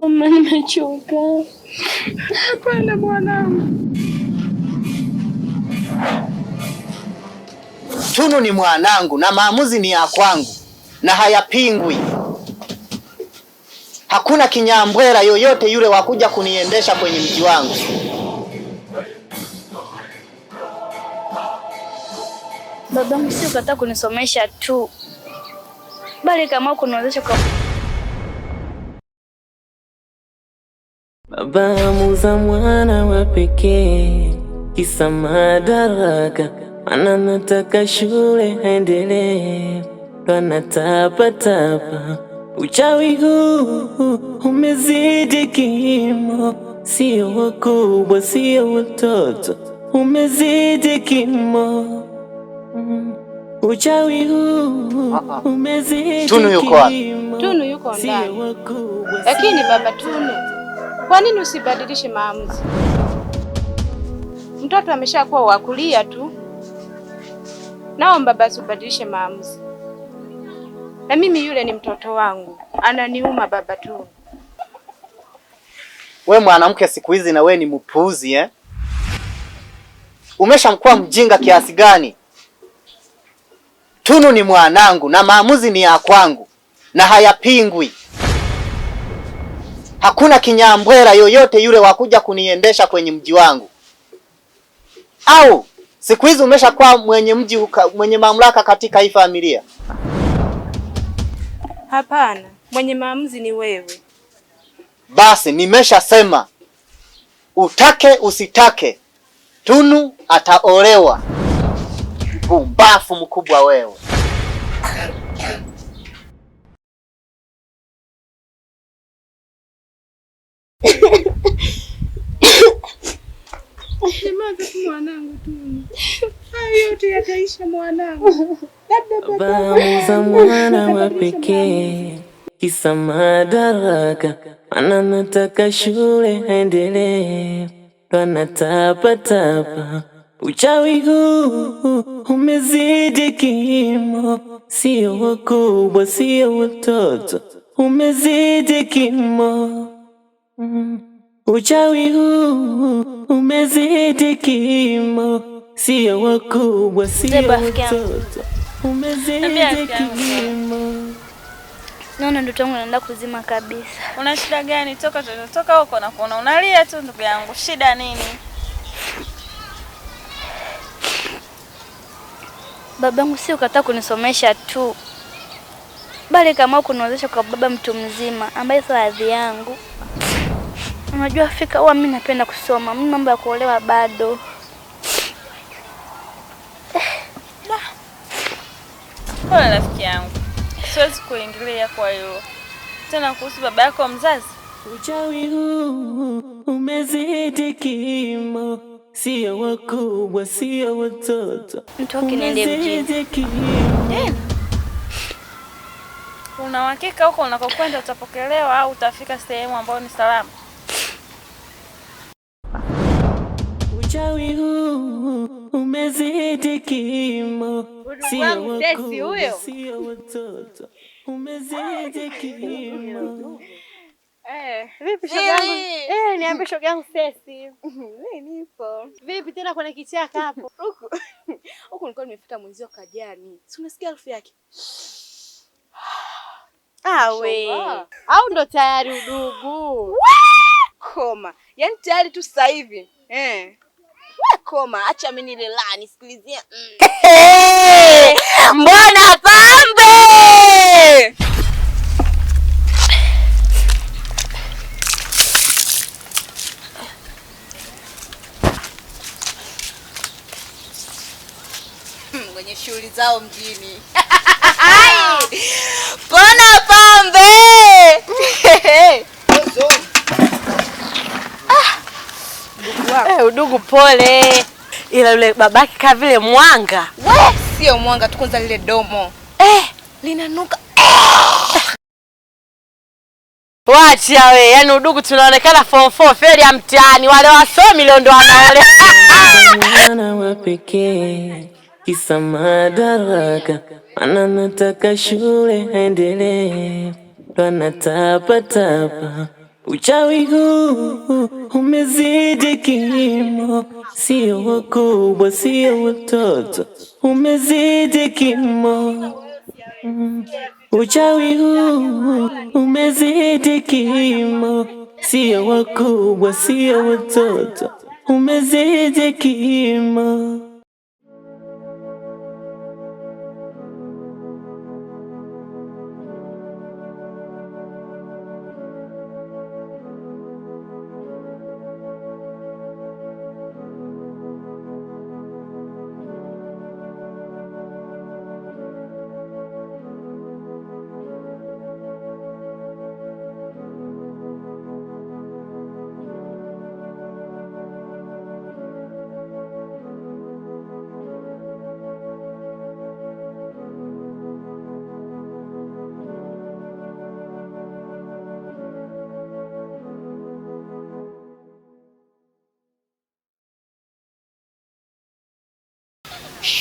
Mama, nimechoka. Kwenda mwanangu. Tunu ni mwanangu na maamuzi ni ya kwangu na hayapingwi. Hakuna kinyambwera yoyote yule wa kuja kuniendesha kwenye mji wangu. Baba, msio kataa kunisomesha tu, bali kama kuniwezesha kwa Bahamu za mwana wa pekee, kisa madaraka, mana nataka shule aendelee, twana tapatapa. Uchawi huu umezidi kimo, sio wakubwa, sio watoto, umezidi kimo. Uchawi huu umezidi kimo, sio wakubwa, lakini baba Tunu kwa nini usibadilishe maamuzi? Mtoto ameshakuwa wa kulia tu. Naomba basi ubadilishe maamuzi. Na mimi yule ni mtoto wangu, ananiuma baba tu. We mwanamke siku hizi na we ni mpuuzi eh? Umeshamkuwa mjinga kiasi gani? Tunu ni mwanangu na maamuzi ni ya kwangu na hayapingwi. Hakuna kinyambwera yoyote yule wakuja kuniendesha kwenye mji wangu. Au siku hizi umeshakuwa mwenye mji uka, mwenye mamlaka katika hii familia? Hapana, mwenye maamuzi ni wewe. Basi nimeshasema, utake usitake, Tunu ataolewa. Pumbafu mkubwa wewe. Nyamaza Bamu za mwana wa pekee kisa madaraka, ana nataka shule aendelee, pana tapa tapa. Uchawi huu umezidi kimo, sio wakubwa, sio watoto, umezidi kimo Uchawi huu umezidi kimo, sio wakubwa, sio watoto, umezidi kimo. Naona ndoto yangu naenda kuzima kabisa. Una shida gani? Toka toka toka huko na kuona unalia tu, ndugu yangu, shida nini? Baba yangu si ukataa kunisomesha tu, bali kama kuniwezesha kwa baba mtu mzima ambaye sio adhi yangu. Unajua fika huwa mi napenda kusoma, mi mambo ya kuolewa bado. Pole rafiki yangu, siwezi kuingilia. Kwa hiyo tena kuhusu baba yako mzazi, uchawi huu umezidi kimo, sio wakubwa, sio watoto. umezidi kimo. Una uhakika huko unakokwenda utapokelewa au utafika sehemu ambayo ni salama? Uchawi huu umezidi kimo, sio wakuu, sio watoto, umezidi kimo. Eh, vipi shogangu? Eh, niambie shogangu sesi. Mimi nipo. Vipi tena kuna kichaka hapo? Huko. Huko nilikuwa nimefuta mwenzio kajani. Si unasikia harufu yake? Ah we. Au ndo tayari udugu. Koma. Yaani tayari tu sasa hivi. Eh koma, acha mimi nilelaa nisikilizie. Mm. mbona pambe mm, kwenye shughuli zao mjini. Pona pambe mm. wako. Eh, udugu pole, ila yule babaki kama vile mwanga. We sio mwanga tu, kwanza lile domo eh, linanuka eh. Wacha we, yani udugu tunaonekana form four feli ya mtaani, wale wasomi leo ndo wanaole ana wa pekee kisa madaraka, ana nataka shule aendelee, tapa. Uchawi huu umezidi kimo, sio wakubwa, sio watoto, umezidi kimo. Uchawi huu umezidi kimo, sio wakubwa, sio watoto, umezidi kimo.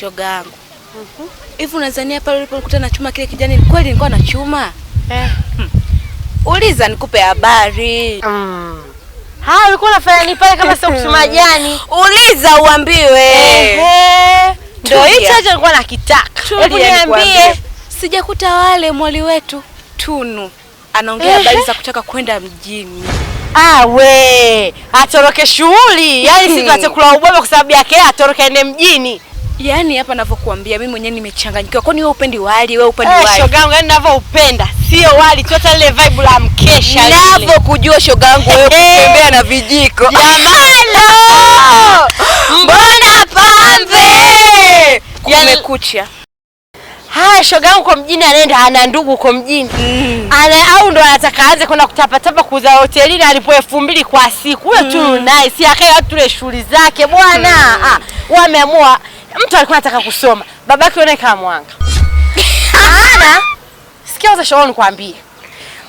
shoga yangu Mhm. hivi, unadhania pale ulipokuta na chuma kile kijani, kweli nilikuwa na chuma eh? Hmm. Uliza nikupe habari mm. Ha, ulikuwa unafanya nini pale kama sio kuchuma jani? Uliza uambiwe. Eh. Ndio hicho hicho nilikuwa nakitaka. Hebu niambie, sijakuta wale mwali wetu Tunu anaongea habari za kutaka kwenda mjini. Ah we, atoroke shughuli. Yaani sisi tunachekula ubwabwa kwa sababu yake, atoroke ende mjini. Yaani hapa ninavyokuambia mimi mwenyewe nimechanganyikiwa. Kwani wewe upendi wali, wewe upendi eh, wali? Shoga yangu, yani ninavyoupenda sio wali, tota ile vibe la mkesha ile. Ninavyokujua shoga yangu wewe eh. kutembea na vijiko. Jamani! Ah! Mbona pambe? Kumekucha. Yaani- Haya, shoga yangu kwa mjini anaenda, ana ndugu kwa mjini mm. ana au ndo anataka aanze kwenda kutapatapa kuuza hotelini alipo elfu mbili kwa siku huyo mm. tu naye si akae tule shughuli zake bwana mm. Ah, wameamua Mtu alikuwa anataka kusoma, babake yule kama mwanga. Ana sikia za shauri nikwambie.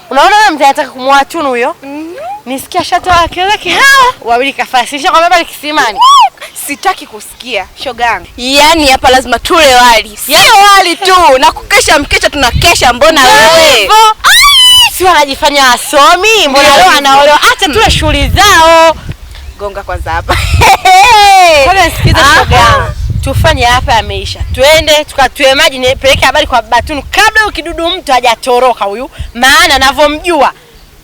Unaona wewe mzee anataka kumwachunu huyo? Mhm. Nisikia shata wake zake ha wawili kafasisha kwa baba kisimani. Sitaki kusikia shoga yangu. Yaani hapa lazima tule wali. Sio wali tu na kukesha mkesha tunakesha mbona wewe? Ah! Si wanajifanya wasomi, mbona leo anaolewa? Acha tule shughuli zao. Gonga kwanza hapa. Kwa sikiza shoga yangu tufanye hapa, yameisha. Twende tukatue maji, nipeleke habari kwa Batunu kabla ukidudu kidudu mtu hajatoroka huyu, maana anavyomjua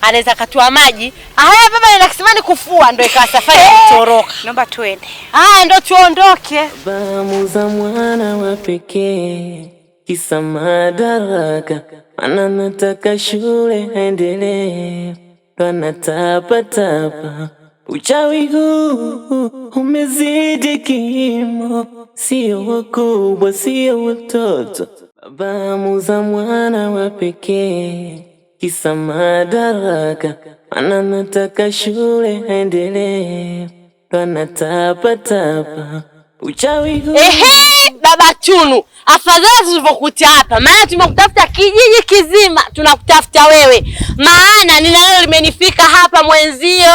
anaweza katua maji haya. Baba anaenda kisimani kufua, ndo ikawa safari ya eh, kutoroka. Naomba tuende. Haya, ndio tuondoke. Bamu za mwana wa pekee, kisa madaraka, maana nataka shule aendelee, anatapatapa Uchawi huu umezidi kimo, sio wakubwa, sio watoto, abamu za mwana wa pekee, kisa madaraka, mana nataka shule aendelee, anatapatapa uchawi huu. Ehe, Baba Tunu, afadhali tulivyokuta hapa, maana tumekutafuta kijiji kizima, tunakutafuta wewe, maana ninalo limenifika hapa mwenzio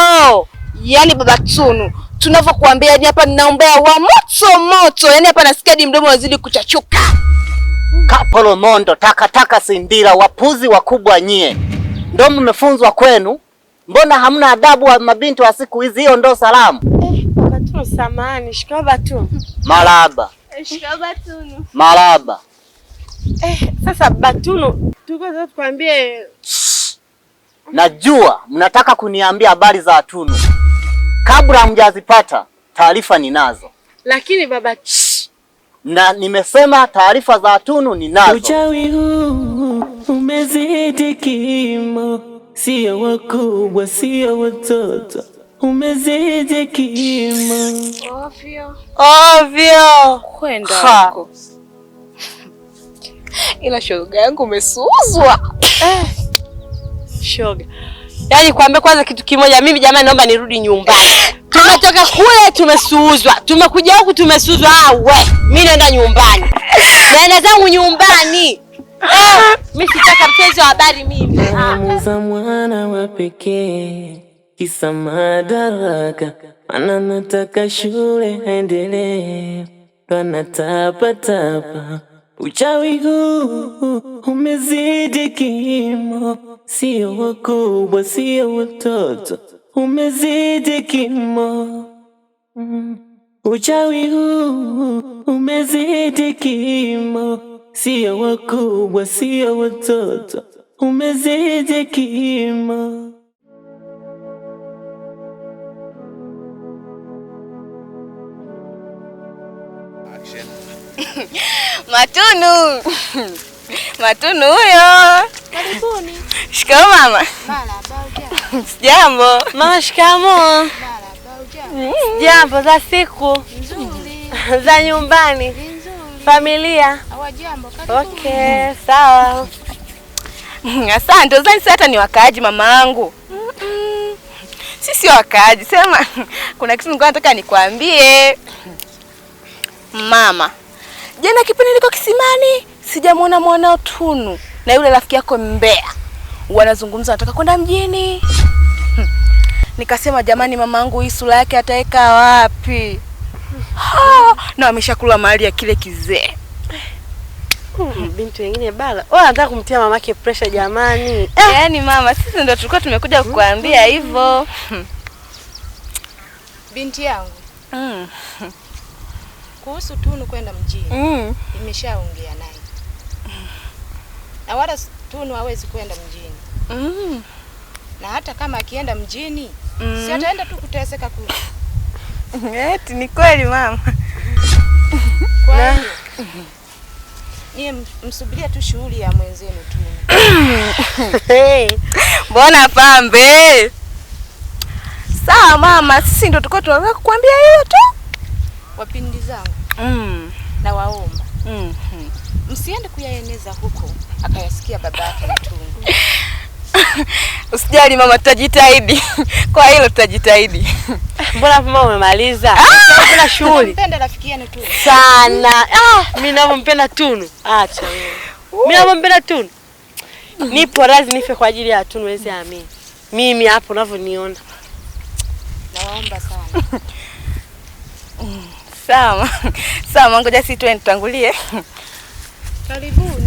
yani baba Tunu tunavyokuambia, yani hapa ninaombea wa moto moto, yani hapa nasikia mdomo wazidi kuchachuka. Kapolomondo takataka sindira, wapuzi wakubwa nyie, ndo mmefunzwa kwenu. Mbona hamna adabu wa mabinti wa siku hizi? Hiyo ndo salamu eh. Baba Tunu, samani. Shikaba Tunu. Maraba. Eh, Shikaba Tunu. Maraba. Eh, sasa Batunu tukwambie, najua mnataka kuniambia habari za Tunu kabla hamjazipata taarifa ninazo. Lakini baba na nimesema taarifa za Tunu ninazo. Uchawi huu umezidi kimo, sio wakubwa, sio watoto, umezidi kimo. Ovyo. Ovyo. Kwenda huko. Ila shoga yangu umesuzwa. Eh. Shoga Yaani kwambe kwanza kitu kimoja, mimi jamani, naomba nirudi nyumbani. Tumetoka kule tumesuuzwa, tumekuja huku tumesuuzwa. Ah, we mimi naenda nyumbani, naenda zangu nyumbani. Eh, mimi sitaka mchezo wa habari mimi. Ah. Za mwana wa pekee kisa madaraka, maana nataka shule aendelee, anatapatapa uchawi huu umezidi kimo sio wakubwa, sio watoto, umezidi kimo. Uchawi huu umezidi kimo, sio wakubwa, sio watoto, umezidi kimo. Matunu Matunu huyo, karibuni. Shikamoo mama. Sijambo. Mama shikamoo. Sijambo za siku za nyumbani familia. Okay, sawa. Asante. Uzani si hata ni wakaaji mama angu? Sisi wakaaji, sema kuna kitu nilikuwa nataka nikwambie mama. Jana kipindi niko kisimani, sijamwona mwanao Tunu na yule rafiki yako Mbea wanazungumza wanataka kwenda mjini. Hmm. Nikasema jamani, mamangu hii sura yake ataweka wapi? Ha, na ameshakula mahali ya kile kizee. Hmm, binti wengine bala wewe anataka kumtia mamake pressure jamani. Eh, Yaani mama, sisi ndio tulikuwa tumekuja hmm. kukuambia hivyo. Hmm. Binti yangu. Mm. Kuhusu Tunu kwenda mjini. Mm. Imeshaongea naye. Na wala Tunu hawezi kwenda mjini mm. na hata kama akienda mjini mm. si ataenda tu kuteseka kule. Eti ni kweli mama. Kwa hiyo ni msubiria tu shughuli ya mwenzenu tu Mbona pambe? Sawa mama, sisi ndo tulikuwa tunataka kukuambia hiyo tu. Wapindi zangu mm. na waomba mm -hmm. msiende kuyaeneza huko akayasikia baba yake Mtundu. Usijali mama, tutajitahidi kwa hilo, tutajitahidi. Mbona mama umemaliza? Kuna ah! shughuli. Mpenda rafiki yenu Tunu sana. Ah, mimi ninavyompenda Tunu, acha wewe. Mimi ninavyompenda Tunu, nipo razi nife kwa ajili ya Tunu, wezi amini mimi hapo unavyoniona. Naomba sana sawa sawa, ngoja si tuwe nitangulie. Karibuni.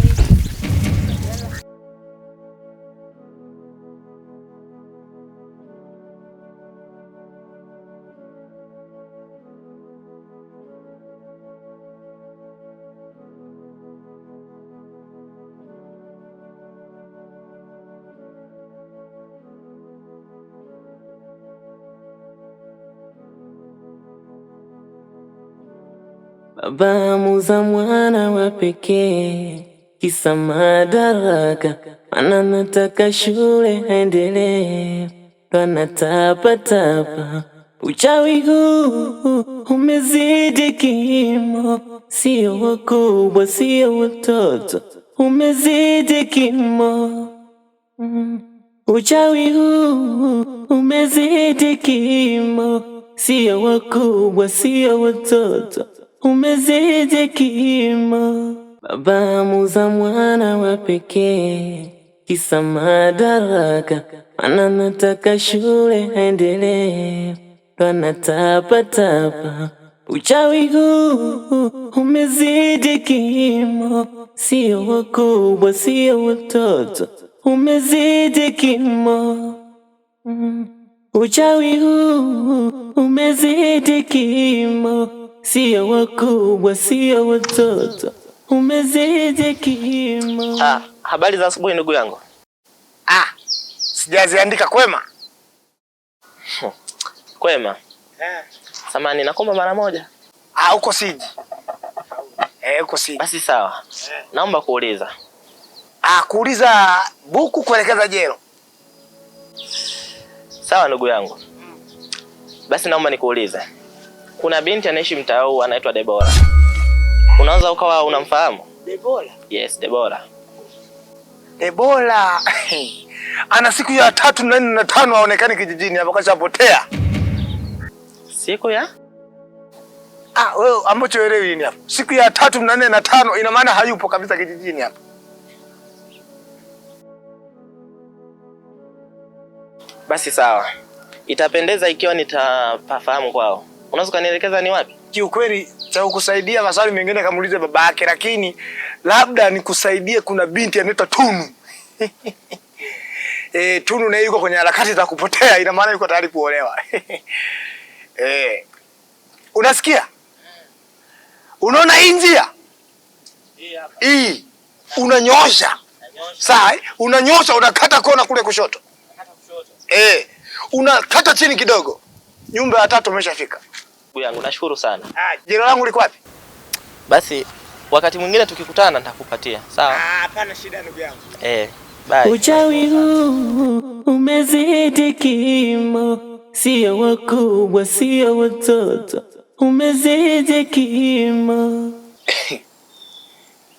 Bahamu za mwana wa pekee, kisa madaraka, ana nataka shule aendelee. Twana uchawi huu umezidi kimo, sio wakubwa, sio watoto, umezidi kimo. Mm, uchawi huu umezidi kimo, sio wakubwa, sio watoto umezidi kimo, baba muza mwana wa pekee, kisa madaraka, mana nataka shule aendelee, wanatapatapa uchawi huu umezidi kimo, sio wakubwa, sio watoto, umezidi kimo mm. Uchawi huu umezidi kimo Sio wakubwa, sio watoto, umezidi kimo. Ah, habari za asubuhi ndugu yangu. Ah, sijaziandika kwema. Hm, kwema. Eh. Samani nakomba mara moja. Ah, uko siji. Eh, uko siji. Basi sawa. Eh. Naomba kuuliza. Ah, kuuliza buku kuelekeza jero. Sawa ndugu yangu. Basi naomba nikuulize. Kuna binti anaishi mtaa huu anaitwa Debora. Unaanza ukawa unamfahamu? Debora? Yes, Debora. Debora. Ana siku ya tatu na nne na tano haonekani kijijini hapo kashapotea. Siku ya? Ah, wewe ambacho elewi nini hapo? Siku ya tatu na nne na tano ina maana hayupo kabisa kijijini hapo. Basi sawa. Itapendeza ikiwa nitapafahamu kwao unaweza kanielekeza ni wapi? Kiukweli cha kukusaidia maswali mengine kamuulize baba yake, lakini labda nikusaidie, kuna binti anaitwa Tunu e, Tunu naye yuko kwenye harakati za kupotea, ina maana yuko tayari kuolewa e, unasikia? Unaona hii njia hii, unanyosha saa, unanyosha, unakata kona kule kushoto, unakata, kushoto. E, unakata chini kidogo, nyumba ya tatu umeshafika ndugu yangu, nashukuru sana. Ah, jina langu liko wapi? Basi wakati mwingine tukikutana nitakupatia. Sawa? Ah, hapana shida ndugu yangu. Eh, bye. Uchawi huu umezidi kimo, sio wakubwa, sio watoto, umezidi kimo.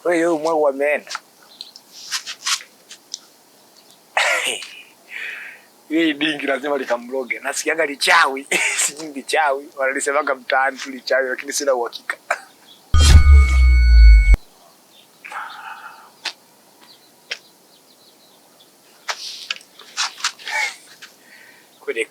Kwa hiyo mwangu wameenda Yeye dingi lazima likamloge. Nasikianga lichawi. Sijui lichawi. Wanalisemanga mtaani tu lichawi lakini sina uhakika. Kule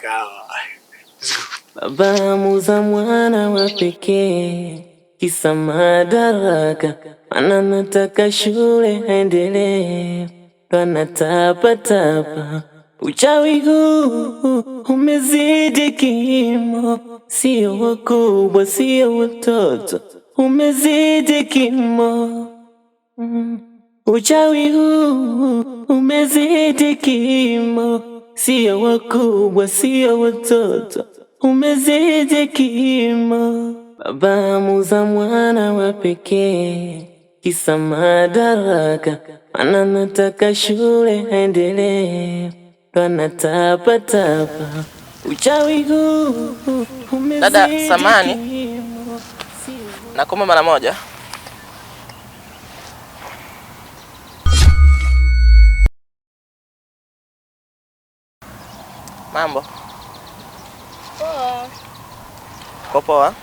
mwana wa pekee kisa madaraka, mana nataka shule aendelee, tapa. Uchawi huu umezidi kimo, sio wakubwa, sio watoto, umezidi kimo. Uchawi huu umezidi kimo, sio wakubwa, sio watoto, umezidi kimo. Baba muuza mwana wa pekee kisa madaraka, mana nataka shule aendelee Wanatapatapa uchawi huu. Dada samani, nakuomba mara moja. Mambo poa? Uko poa?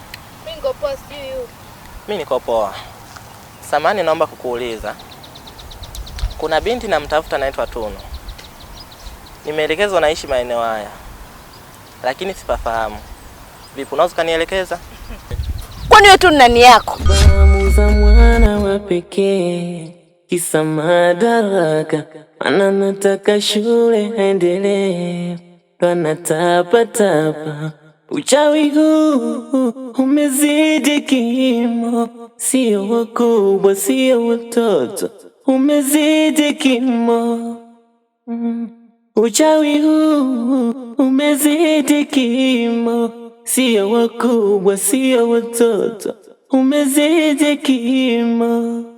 Mi poa, niko poa. Samani, naomba kukuuliza, kuna binti namtafuta, naitwa Tunu Nimeelekezwa naishi maeneo haya, lakini sipafahamu. Vipi, unaweza kanielekeza? Kwani wewe tu nani yako? Damu za mwana wa pekee, kisa madaraka, ana nataka shule aendelee, anatapatapa Uchawi huu umezidi kimo, sio wakubwa, sio watoto, umezidi kimo mm. Uchawi huu umezidi kimo, sio wakubwa, sio watoto, umezidi kimo.